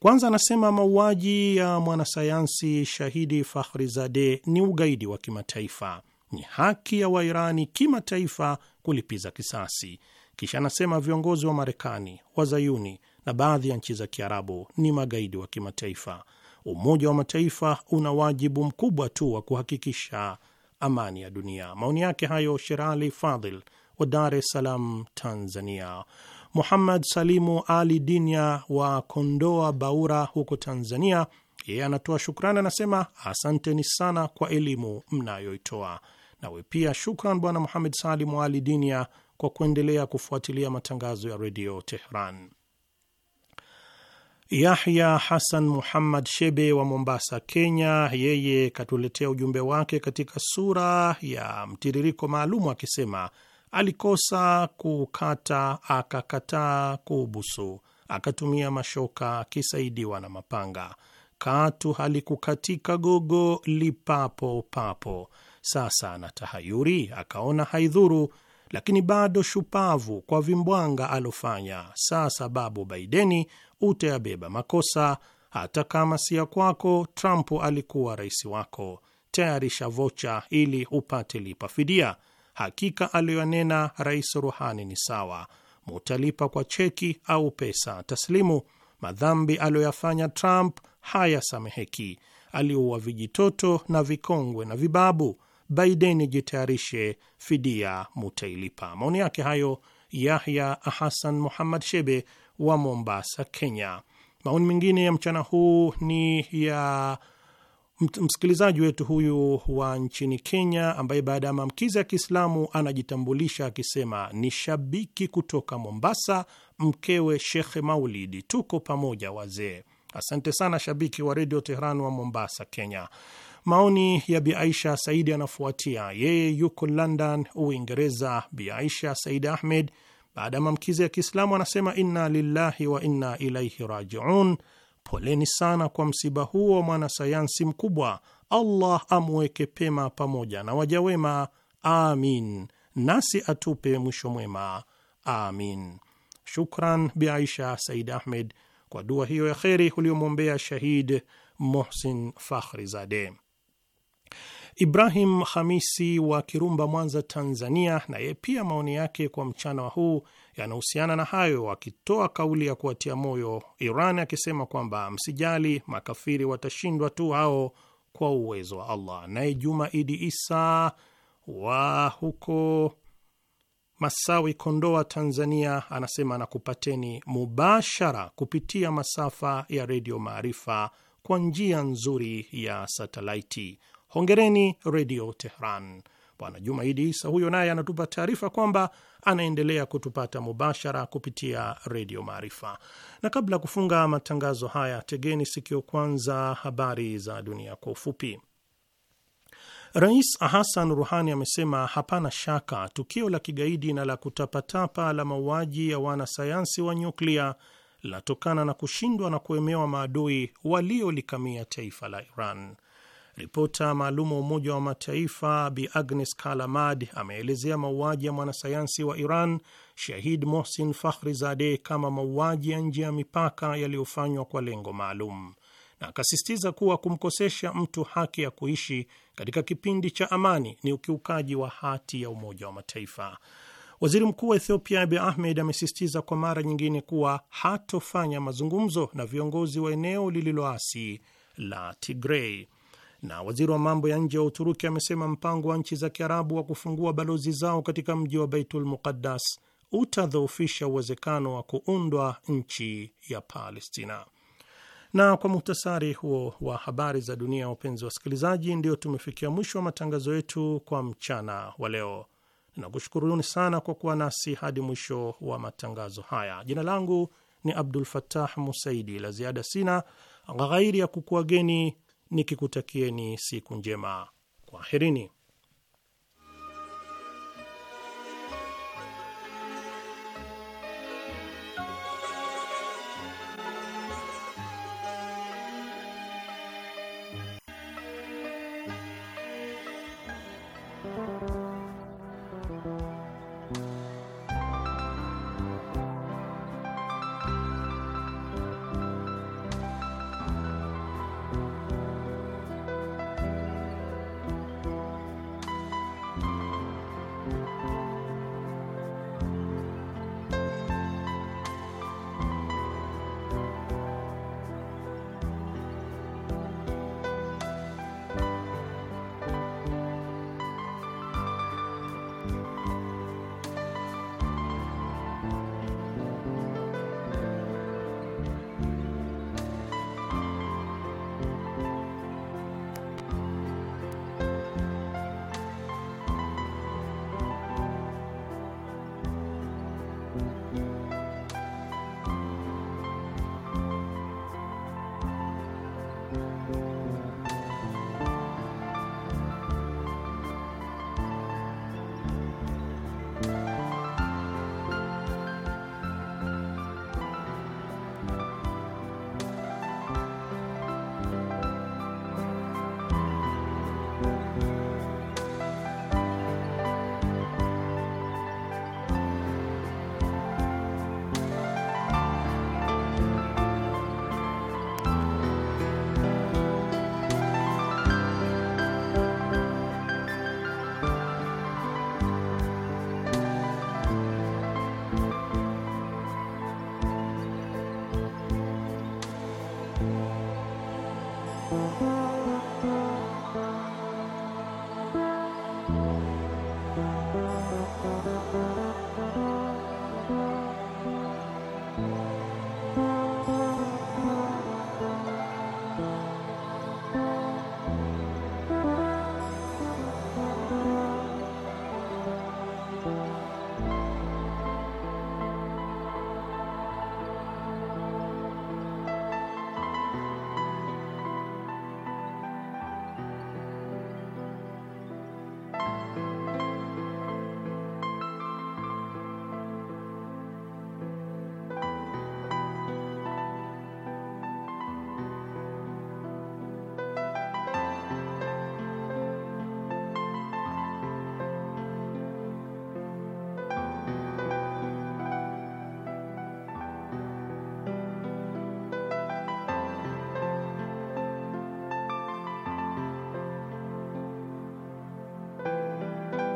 Kwanza anasema mauaji ya mwanasayansi shahidi Fakhrizadeh ni ugaidi wa kimataifa, ni haki ya Wairani kimataifa kulipiza kisasi. Kisha anasema viongozi wa Marekani, Wazayuni na baadhi ya nchi za Kiarabu ni magaidi wa kimataifa. Umoja wa Mataifa una wajibu mkubwa tu wa kuhakikisha amani ya dunia. Maoni yake hayo Sherali Fadhil wa Dar es Salaam, Tanzania. Muhammad Salimu Ali Dinya wa Kondoa Baura huko Tanzania. Yeye anatoa shukrani, anasema asanteni sana kwa elimu mnayoitoa. Nawe pia shukran Bwana Muhammad Salimu Ali Dinya kwa kuendelea kufuatilia matangazo ya Redio Tehran. Yahya Hasan Muhammad Shebe wa Mombasa, Kenya, yeye katuletea ujumbe wake katika sura ya mtiririko maalumu akisema Alikosa kukata, akakataa kubusu, akatumia mashoka akisaidiwa na mapanga. Katu halikukatika gogo lipapo papo. Sasa na tahayuri, akaona haidhuru, lakini bado shupavu kwa vimbwanga alofanya. Sasa babu Baideni utayabeba makosa, hata kama si ya kwako. Trump alikuwa rais wako. Tayarisha vocha ili upate lipa fidia hakika aliyoyanena Rais Ruhani ni sawa, mutalipa kwa cheki au pesa taslimu. Madhambi aliyoyafanya Trump hayasameheki, aliua vijitoto na vikongwe na vibabu. Baideni jitayarishe, fidia mutailipa. Maoni yake hayo Yahya Hasan Muhammad Shebe wa Mombasa, Kenya. Maoni mengine ya mchana huu ni ya msikilizaji wetu huyu wa nchini Kenya ambaye baada ya maamkizi ya Kiislamu anajitambulisha akisema ni shabiki kutoka Mombasa, mkewe Shekhe Maulidi, tuko pamoja wazee. Asante sana shabiki wa redio Tehran wa Mombasa, Kenya. Maoni ya Bi Aisha Saidi anafuatia, yeye yuko London, Uingereza. Bi Aisha Saidi Ahmed baada ya maamkizi ya Kiislamu anasema inna lillahi wa inna ilaihi rajiun. Poleni sana kwa msiba huo wa mwanasayansi mkubwa. Allah amweke pema pamoja na waja wema, amin, nasi atupe mwisho mwema, amin. Shukran Bi Aisha Said Ahmed kwa dua hiyo ya kheri uliyomwombea Shahid Mohsin zade Ibrahim Hamisi wa Kirumba, Mwanza, Tanzania, naye pia maoni yake kwa mchana wa huu yanahusiana na hayo, akitoa kauli ya kuwatia moyo Iran akisema kwamba msijali, makafiri watashindwa tu hao kwa uwezo wa Allah. Naye Juma Idi Isa wa huko Masawi, Kondoa, Tanzania, anasema anakupateni mubashara kupitia masafa ya Redio Maarifa kwa njia nzuri ya satelaiti. Hongereni Redio Tehran. Bwana Juma Idi Isa huyo naye anatupa taarifa kwamba anaendelea kutupata mubashara kupitia Redio Maarifa. Na kabla ya kufunga matangazo haya, tegeni sikio kwanza habari za dunia kwa ufupi. Rais Hassan Ruhani amesema hapana shaka tukio la kigaidi na la kutapatapa la mauaji ya wanasayansi wa nyuklia linatokana na kushindwa na kuemewa maadui waliolikamia taifa la Iran. Ripota maalum wa Umoja wa Mataifa Bi Agnes Kalamad ameelezea mauaji ya mwanasayansi wa Iran Shahid Mohsin Fakhrizadeh kama mauaji ya nje ya mipaka yaliyofanywa kwa lengo maalum, na akasisitiza kuwa kumkosesha mtu haki ya kuishi katika kipindi cha amani ni ukiukaji wa hati ya Umoja wa Mataifa. Waziri Mkuu wa Ethiopia Abiy Ahmed amesisitiza kwa mara nyingine kuwa hatofanya mazungumzo na viongozi wa eneo lililoasi la Tigrei na waziri wa mambo ya nje wa Uturuki amesema mpango wa nchi za Kiarabu wa kufungua balozi zao katika mji wa Baitul Muqaddas utadhoofisha uwezekano wa kuundwa nchi ya Palestina. Na kwa muhtasari huo wa habari za dunia, ya wapenzi wa wasikilizaji, ndio tumefikia mwisho wa matangazo yetu kwa mchana wa leo. Nakushukuruni sana kwa kuwa nasi hadi mwisho wa matangazo haya. Jina langu ni Abdul Fatah Musaidi. La ziada sina ghairi ya kukuageni nikikutakieni siku njema. Kwaherini.